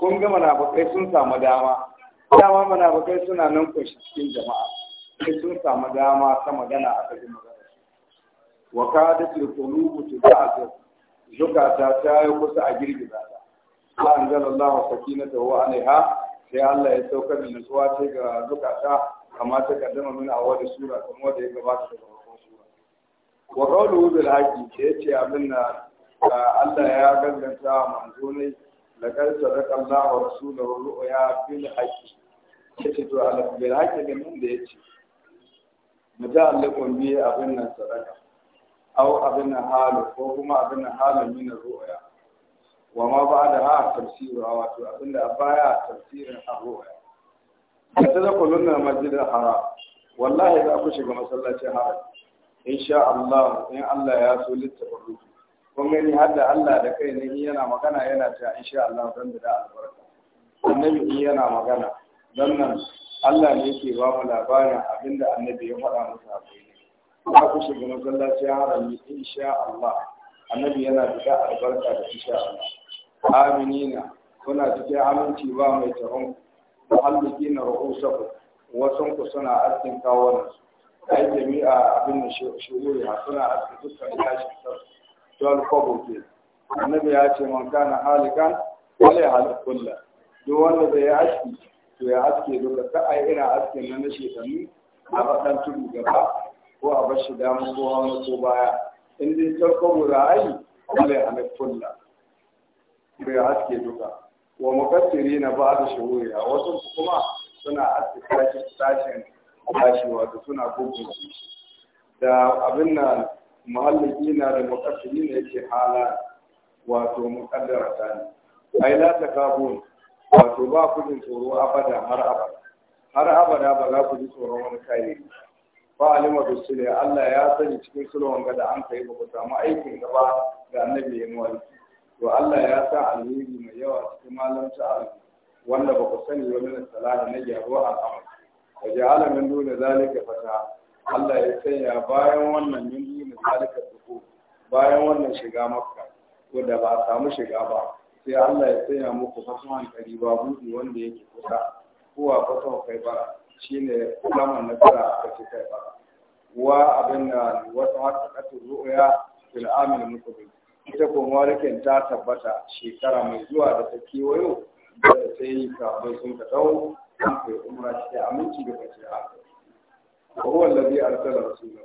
kun ga munafikai sun samu dama dama munafikai suna nan kunshi cikin jama'a sai sun samu dama ta magana a kajin magana wa ka da kada ce qulubu tuda'a zukata ta yi kusa a girgiza ta Allah anzalallahu sakinatahu wa ha! sai Allah ya saukar da nutsuwa ce ga zukata kamar ta kaddama mini a wani sura kamar da ya gabata daga farkon sura wa qawluhu da haqqi ke ce abin da Allah ya ganganta manzo ne laqad sadaqa Allahu fi da bil Ke ce to Allah da haqqi da nan da ya ce. yace muta'alliqun biye abin nan sadaka aw abin nan halu ko kuma abin nan halu min ru'ya wa ma da ha tafsiru wato abin da baya tafsirin a ru'ya ta da kullun masjidil haram wallahi za ku shiga masallacin haram insha Allah in Allah ya so littafin ruhu kun gani har da Allah da kai ne yana magana yana ta insha Allah don da albarka annabi yana magana dan nan Allah ne yake ba mu labarin abinda annabi ya faɗa musu a kai ba ku shiga masallaci harami insha Allah annabi yana da albarka da insha Allah aminina kuna cikin aminci ba mai tsaron ku halluki na rahusaku wasan ku suna askin kawo nasu ai jami'a abin da shuri ha suna aske dukkan gashin sa dole kwabo ke annabi ya ce man kana halikan wala halik kullu duk wanda zai yi aski to ya haske duka ta ai ina askin nan na shekaru a faɗan tudu gaba ko a bar shi dama ko hannu ko baya in dai ta kwabo da ai wala halik kullu bai haske duka wa mukassiri na ba da shuri wasu kuma suna aske sashen bashi wato suna gugu da abin na muhalliki na da mukaddimi ne yake hala wato mukaddara ta ne ai la takabun wato ba ku jin tsoro abada har abada har abada ba za ku ji tsoron wani kai ba alima da sule Allah ya sani cikin sulwan ga da an kai ba ku samu aikin gaba da annabi ya mawali to Allah ya sa alheri mai yawa cikin malam ta'ala wanda ba ku sani wani salahi na gyaruwa al'amari ka ji alamin dole zalika fata Allah ya sanya bayan wannan min dole zalika duku bayan wannan shiga makka wanda ba a samu shiga ba sai Allah ya sanya muku fasuhan kari ba buɗi wanda yake kusa kowa fasuhan kai ba shine zaman nasara aka ce kai ba wa abin da wata haƙaƙatun ru'uya fil amil mutubi ita kuma warikin ta tabbata shekara mai zuwa da ta kewayo da ta yi kafin sun ka tsawo an kai umra shi da aminci da bace a هو الذي أرسل رسوله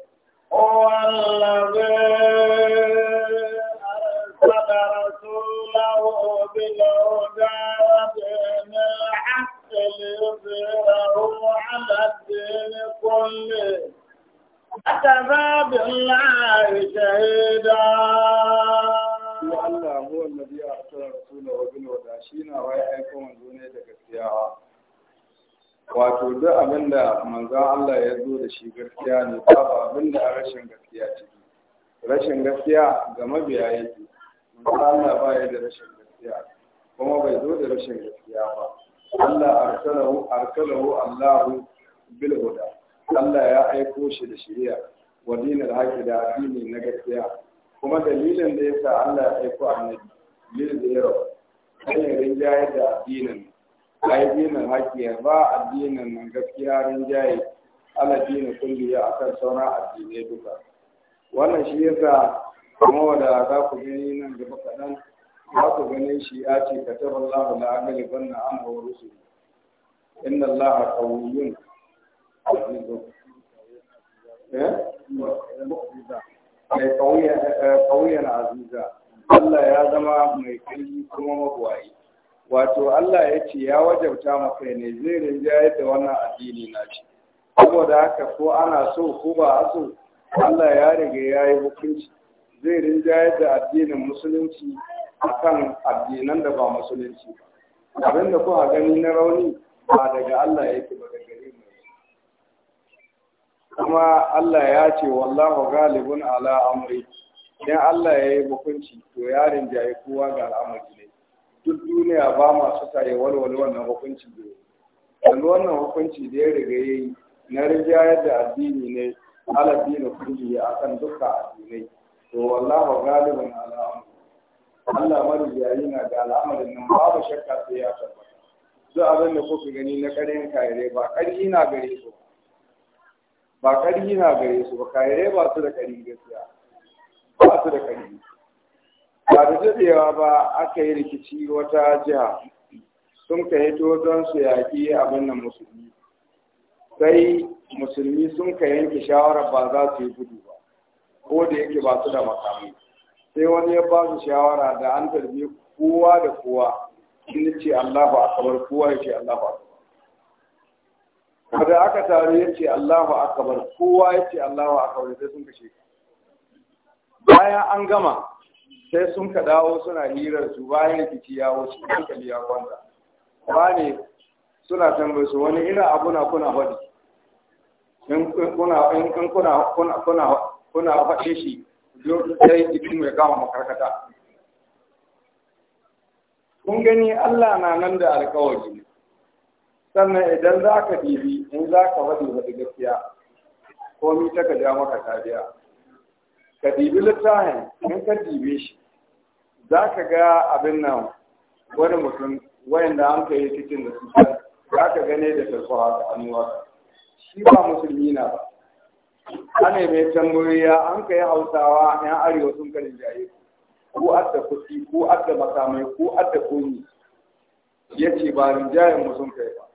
بالهدى ودين الحق ليظهره على الدين كله وكفى بالله شهيدا. والله هو الذي أرسل رسوله بالهدى شينا ويا wato duk abin da manzan Allah ya zo da shi gaskiya ne babu abin da rashin gaskiya ciki rashin gaskiya ga mabiya yake manzan Allah ba ya da rashin gaskiya kuma bai zo da rashin gaskiya ba Allah arsalahu arsalahu Allahu bil huda Allah ya aiko shi da shari'a wa dinil haqi da addini na gaskiya kuma dalilin da yasa Allah ya aiko annabi lil zira sai rinjayar da addinin a yi dinin haƙƙiya ba addinin nan gaskiya rinjaye ala dinin kulliya akan sauran addinai duka wannan shi yasa kuma wanda za ku gani nan gaba kaɗan za ku gani shi ya ce ka taɓa Allah la agali banna an wa rusul inna Allah qawiyyun azizun eh qawiyyun eh, aziza Allah ya zama mai kai kuma magwayi wato Allah ya ce ya wajabta maka ne zai rinja da wannan addini na shi saboda haka ko ana so ko ba a so Allah ya riga ya yi hukunci zai rinjayar da addinin musulunci akan addinan da ba musulunci ba abin da kuka gani na rauni ba daga Allah ya ba daga gare mu kuma Allah ya ce wallahu galibun ala amri idan Allah ya yi hukunci to ya rinjayi kowa ga al'amari ne duk duniya ba masu yi walwale wannan hukunci da yanzu wannan hukunci da ya riga ya yi na rija yadda addini ne aladdini kulli a kan dukkan addinai to wallahu galibin al'amur Allah marijayi na da al'amarin nan babu shakka sai ya tabbata duk abin da kuka gani na ƙarin kayare ba ƙarfi na gare su ba ƙarfi na gare su ba kayare ba su da ƙarfi gaskiya ba su da ƙarfi ba da daɗewa ba aka yi rikici wata jiha sun ka hito don su yaƙi abin nan musulmi sai musulmi sun ka yanke shawarar ba za su yi gudu ba ko da yake ba su da makamai sai wani ya ba su shawara da an tarbi kowa da kowa in ce Allahu akbar kowa ya ce Allahu akbar kada aka taru ya ce Allahu akbar kowa ya ce Allahu akbar sai sun kashe bayan an gama sai sun ka dawo suna hirar su bayan rikici ya wuce hankali ya kwanta ba ne suna tambayar su wani irin abu na kuna faɗi in kuna in kuna kuna kuna faɗi shi sai jikin ya kama makarkata kun gani Allah na nan da alkawari sannan idan za ka bibi in za ka faɗi faɗi gaskiya komi ta ka ja maka kariya ka dibi littafin in ka dibe shi za ka ga abin nan wani mutum wayanda an ka yi cikin da su za ka gane da tarkowa da hannuwa shi ba musulmi na ba ana mai tamburiya an ka yi hausawa ya arewa sun kan jaye ko da kuɗi ko da makamai ko da kuni ya ce ba rinjayen mu sun kai ba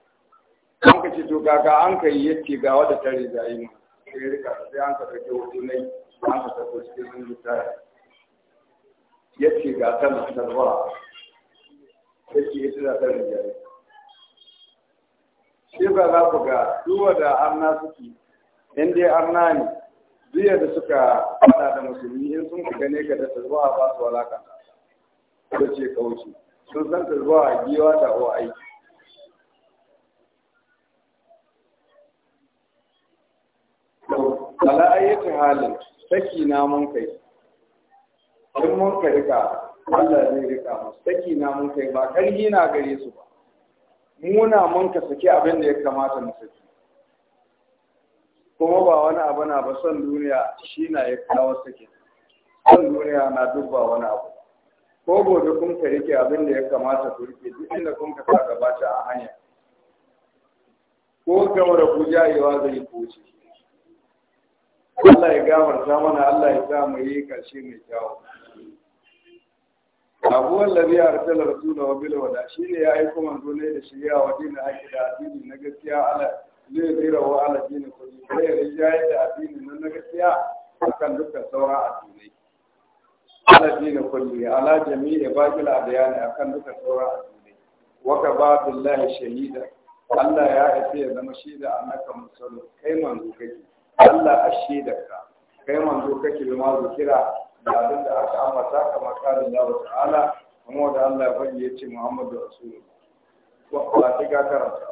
an ka ce to gaga an ka yi ya ce ga wadda ta rinjaye mu sai rika sai an ka ɗauki hoto nai an ka tafi cikin sun yake ga ta nazara yace ita da ta rijiyar shi ba za ku ga duwa da arna suke in dai arna ne duya da suka fada da musulmi in sun ku gane ga da tazwa ba su walaka ko ce kauce sun san tazwa a giwa ta o aiki ala ayyatin halin saki na mun kai in mun ka rika Allah zai rika mu saki na mun kai ba karhi na gare su ba muna mun ka saki abin da ya kamata mu saki kuma ba wani abu na ba son duniya shi na ya kawo saki son duniya na dubba wani abu ko gobe kun ka rike abin da ya kamata ku rike duk inda kun ka saka bata a hanya ko gamar ku jayewa zai kuce Allah ya gafarta mana Allah ya sa mu yi karshe mai kyau. هو الذي أرسل رسوله بالهدى شيني يا أيكم أن تقول لي شيء يا ودين أكيد أدين نجسيا على ليه على دين كذي ليه رجاي أدين إنه نجسيا أكن دك سورة أديني على دين كذي على جميع باب الأديان أكن دك سورة أديني وكباب الله شهيدا الله يا أسيء نمشيدا أنك مسلم كيما نقول الله أشهدك كيما نقول كذي ما ذكره da abin da aka ambata kamar kalin Allah ta'ala kuma da Allah ya fadi yace Muhammadu Rasulullah wa ta ga karanta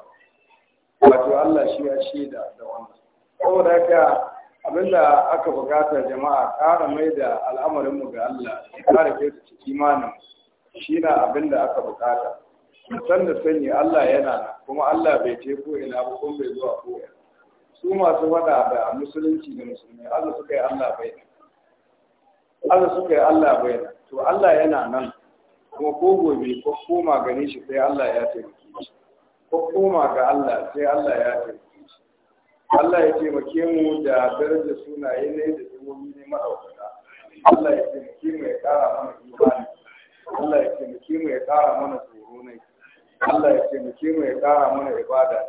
wato Allah shi ya shaida da wannan saboda haka abinda aka bukata jama'a ƙara mai da al'amarinmu ga Allah ya ƙara ke su ciki manin shi na abin da aka bukata san da sanyi Allah yana nan kuma Allah bai ce ko ina ba kuma bai zuwa ko su masu faɗa da musulunci da musulmi Allah suka yi Allah bai nan haka suka yi Allah bai to Allah yana nan kuma ko gobe ko koma gani shi sai Allah ya taimake shi ko koma ga Allah sai Allah ya taimake shi Allah ya taimake mu da darajar sunaye ne da dumomi ne ma'aukata Allah ya taimake mu ya kara mana imani Allah ya taimake mu ya kara mana tsoro ne Allah ya taimake mu ya kara mana ibada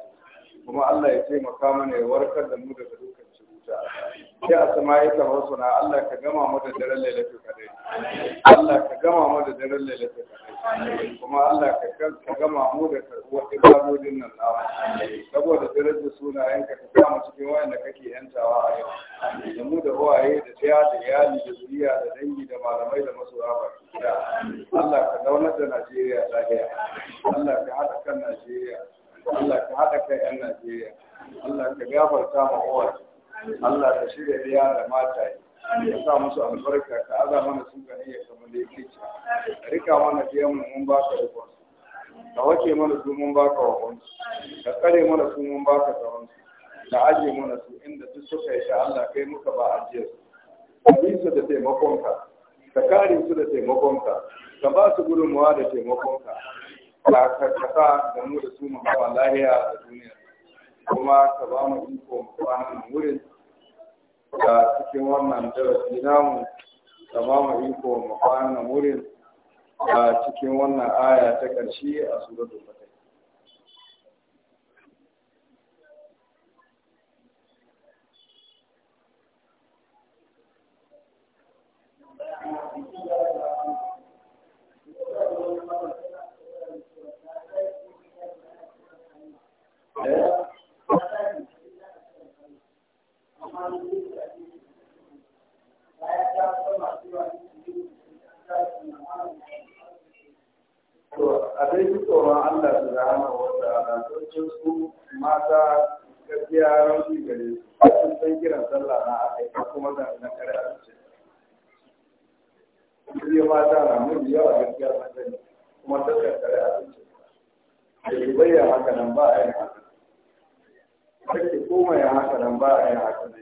kuma Allah ya taimaka mana ya warkar da mu daga dukkan cuta sai a sama ya suna Allah ka gama mu da daren lailatul qadr Allah ka gama mu da daren lailatul qadr kuma Allah ka gama mu da karbuwar ibadodin nan nawa saboda darajar sunayen ka ka mu cikin wayanda kake yantawa a yau da mu da waye da tsaya da iyali da zuriya da dangi da malamai da masoya ba Allah ka zaunar da Najeriya lafiya Allah ka haɗa kan Najeriya Allah ka haɗa kan 'yan Najeriya Allah ka gafarta ma kowace Allah ka shirya biya da mata ya sa musu albarka ka aza mana sun ga iya kamar da yake ci rika mana biyan mu mun baka rikon ka wake mana su mun baka wakon ka kare mana su mun baka tsaron ka aje mana su inda duk suka yi Allah kai muka ba ajiyar su bi su da taimakonka ka kare su da taimakonka ka ba su gudunmuwa da taimakonka ka ka sa da mu da su mu hawa lahiya da duniya kuma ka ba mu iko mu kwana wurin da cikin wannan darasi namu ka ba mu iko mu kwana wurin da cikin wannan aya ta ƙarshe a suratul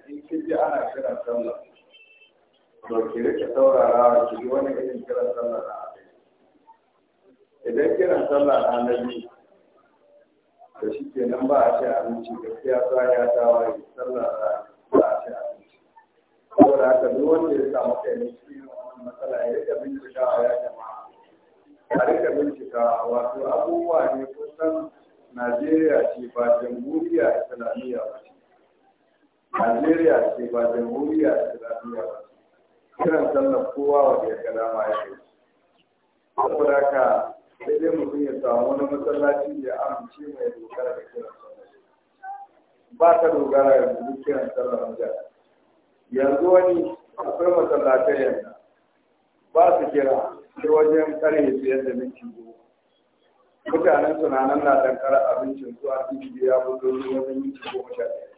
in kin ji ana kira sallah to ki rike saurara ki ji wani irin kira sallah na aka idan kiran sallah na nabi to shi ke nan ba a ce abinci gaskiya sa ya tawaye sallah ba a ce abinci saboda haka duk wanda ya samu kai ne cikin wannan matsala ya rika bincikawa ya jama'a a rika bincika wato abubuwa ne kusan najeriya ce ba jamhuriya islamiyya ba Najeriya ce ba jamhuriya ce da duniya ba kiran sallar kowa wa ke kada ma ya ce. saboda ka sai dai mutum ya samu wani masallaci da amince mai dogara da kiran sallar ba ta dogara da duk kiran sallar wajen yanzu wani akwai masallatai yanzu ba su kira sai wajen karye su yadda minti goma mutanen tunanin na dankara abincin su a cikin ya fito wajen minti goma sha ɗaya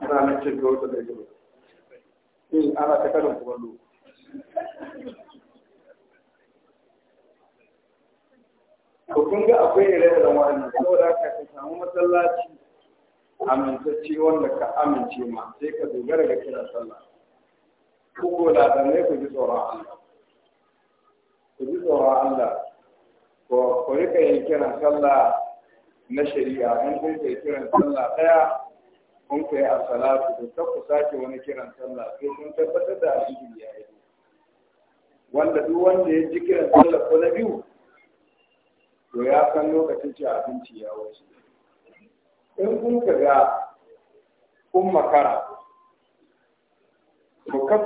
ana nan cin kawai da ba, in ana ta karin kumallo ko kun ga akwai ire-iren wa'annan saboda haka ka samu masallaci amintacce wanda ka amince ma sai ka dogara ga kiran sallah ko da dan ku ji tsoron ku ji tsoron Allah ko ko rika yin kiran sallah na shari'a in kun kai kiran sallah daya kun ku yi salatu da ta ku sake wani kiran sallah sai kun tabbatar da alhiji ya yi wanda duk wanda ya ji kiran sallah ko na biyu to ya san lokacin ci abinci ya wuce in kun ka ga kun makara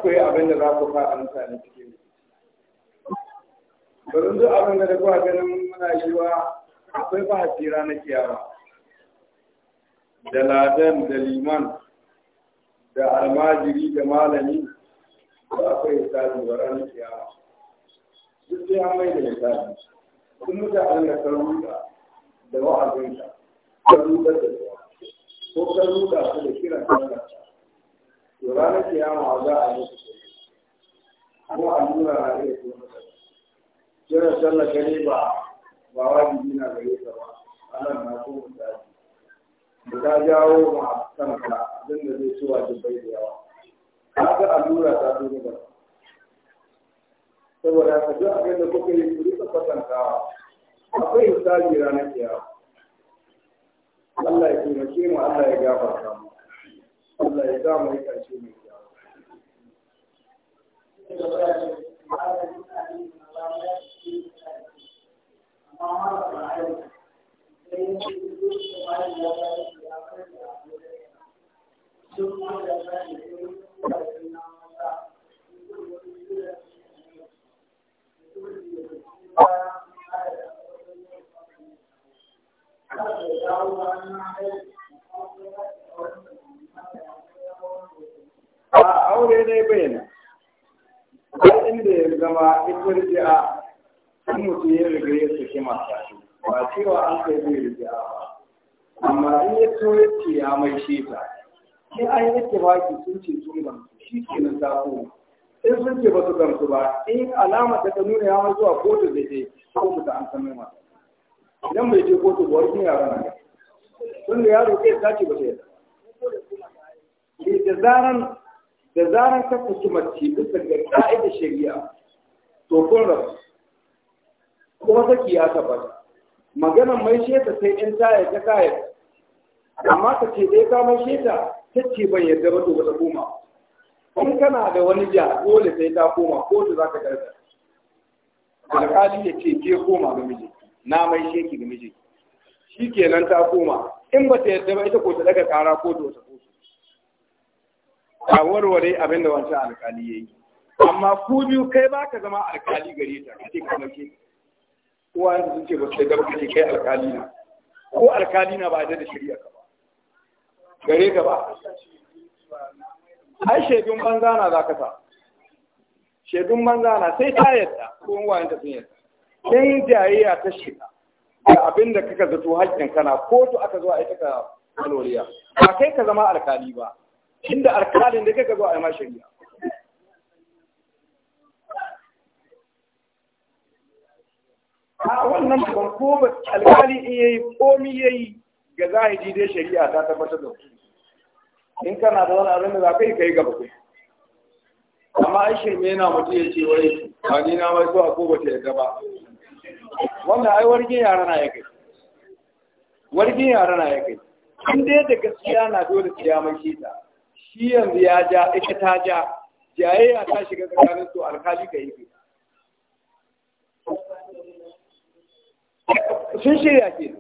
ku yi abin da za ku a mutane cikin bari duk abin da da kuwa ganin muna yiwa akwai ba tsira na kiyama da ladan da liman da almajiri da malami ba ku yi tsari wa ranar kiyama duk sai an mai da misali sun mutanen da ka ruka da wa'azinka ka ruka da zuwa ko ka ruka su da kiran kanka to ranar kiyama za a yi ko allura na iya ko maka kiran sallah gare ba ba wajibi na gare ka ba ana na ko mutum ta jawo ma a kanka abin da zai ci wajibai da yawa ka ga allura ta zo ne saboda ka duk abin da kuka yi ku rika kwatantawa akwai misali ranar kiyama Allah ya taimake mu Allah ya gafarta mu Allah ya gama yi karshe mai kyawu Thank you. a aure ne bayyana har inda ya zama ita a an mutu ya riga ya saki masu ba cewa an kai zai rija ba amma in ya so ya ce ya mai sheta sai an yi tafaki sun ce sun gamsu shi ke nan sako in sun ce ba su gamsu ba in alama ta nuna ya mai zuwa kotu da ke, ko mu ta an san mai mata idan bai je kotu ba wani yaran nan tun da yaro kai sace ba ta yadda da zaran da zaran ka kuci mace bisa ga ka'idar shari'a to kun rabu kuma saki ya tabbata maganan mai sheta sai in ta ya ta kaya amma ka ce dai ka mai sheta ta ce ban yadda ba to ba ta koma in kana da wani ja dole sai ta koma ko ta za ka garga alƙali ya ce ke koma ga miji na mai sheki ga miji shi kenan ta koma in ba ta yadda ba ita ko ta daga kara ko ta wata kotu a warware abin da wancan alƙali ya yi amma ku biyu kai ba ka zama alƙali gare ta a ce mai sheki kowa yanzu sun ce ba sai da ba kai alkali na ko alkali na ba a da shari'a ka ba gare ka ba ai shaidun banza na za ka sa shaidun banza na sai ta yadda ko wa yanzu sun yadda in jayayya ta shiga da abin da kaka zato haƙƙin kana to aka zo a yi ka kaloriya ba kai ka zama alkali ba inda alkalin da kaka zo a yi ma shari'a a wannan ban ko ba alƙali in yayi komi yayi ga zahiji dai shari'a ta tabbatar da su in kana da wani abin da za ka yi kai gaba kai amma ai me yana mutu ya ce wai ba ni na mai zuwa ko ba ta yarda ba wannan ai wargin yara na ya kai wargin yara na ya kai in dai da gaskiya na dole su ya mai shita shi yanzu ya ja ita ta ja jayayya ta shiga tsakanin su alkali ka yi kai sun shirya ke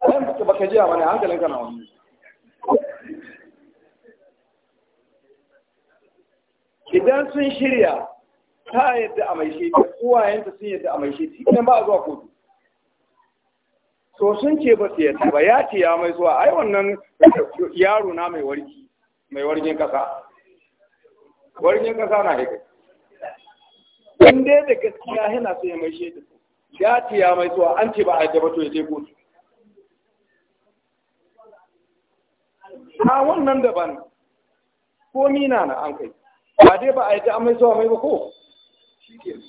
ɗan baka jiya wani hankalin kana wani idan sun shirya ta yadda a mai shi uwayenta sun yadda a mai shi cikin ba a zuwa kotu to sun ce ba su yadda ba ya ce ya mai zuwa ai wannan yaro na mai warki mai wargin kasa warkin kasa na haifar. inda da gaskiya yana so ya mai shi ya ce ya mai zuwa an ce ba a yadda bato ya je kotu ha wannan daban ko nina na an kai ba dai ba a yadda an mai zuwa mai ba ko shi ke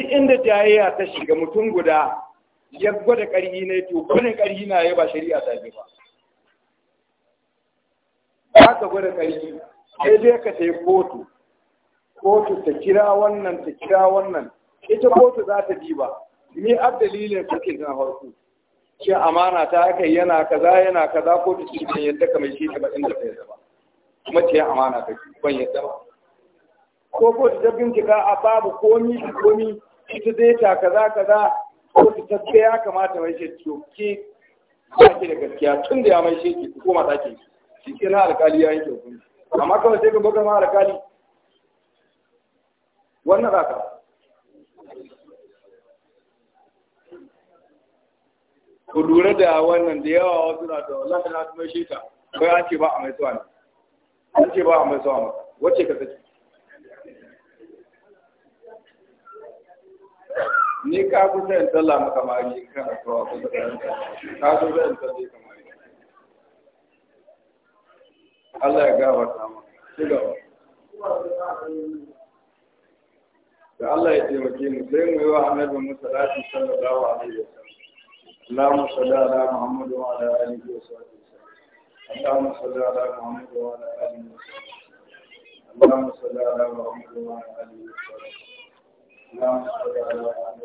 inda jayayya ta shiga mutum guda ya gwada ƙarhi na to gwanin ƙarhi na ya ba shari'a ta ba ba ka gwada ƙarhi sai dai ka yi kotu kotu ta kira wannan ta kira wannan ita kotu za ta diba ni ab dalilin kake na harku. ce amana ta aka yana kaza yana kaza ta ce ban yadda ka mai shi ta baɗin da ta yadda ba kuma ce amana ta ban yadda ba ko ko ta ta bincika a babu komi komi ita zai ta kaza kaza ko ta ce ya kamata mai shi ke ba ki da gaskiya tun da ya mai shi ki koma ke shi ke na alƙali ya yanke hukunci amma kawai sai ka buga ma wannan za ka ku lura da wannan da yawa wasu na da wallahi na kuma shi ta kai an ce ba a mai suwa ne an ce ba a mai ne wacce ka saki ni ka ku sai dalla maka mari in kana ko kusa ka so in ka maka mari Allah ya gafarta maka shi gaba da Allah ya taimake mu sai mu yi wa annabi Musa sallallahu alaihi wasallam اللهم صل على محمد وعلى آله وصحبه وسلم اللهم صل على محمد وعلى آله وصحبه اللهم صل على محمد وعلى آله وصحبه اللهم صل على محمد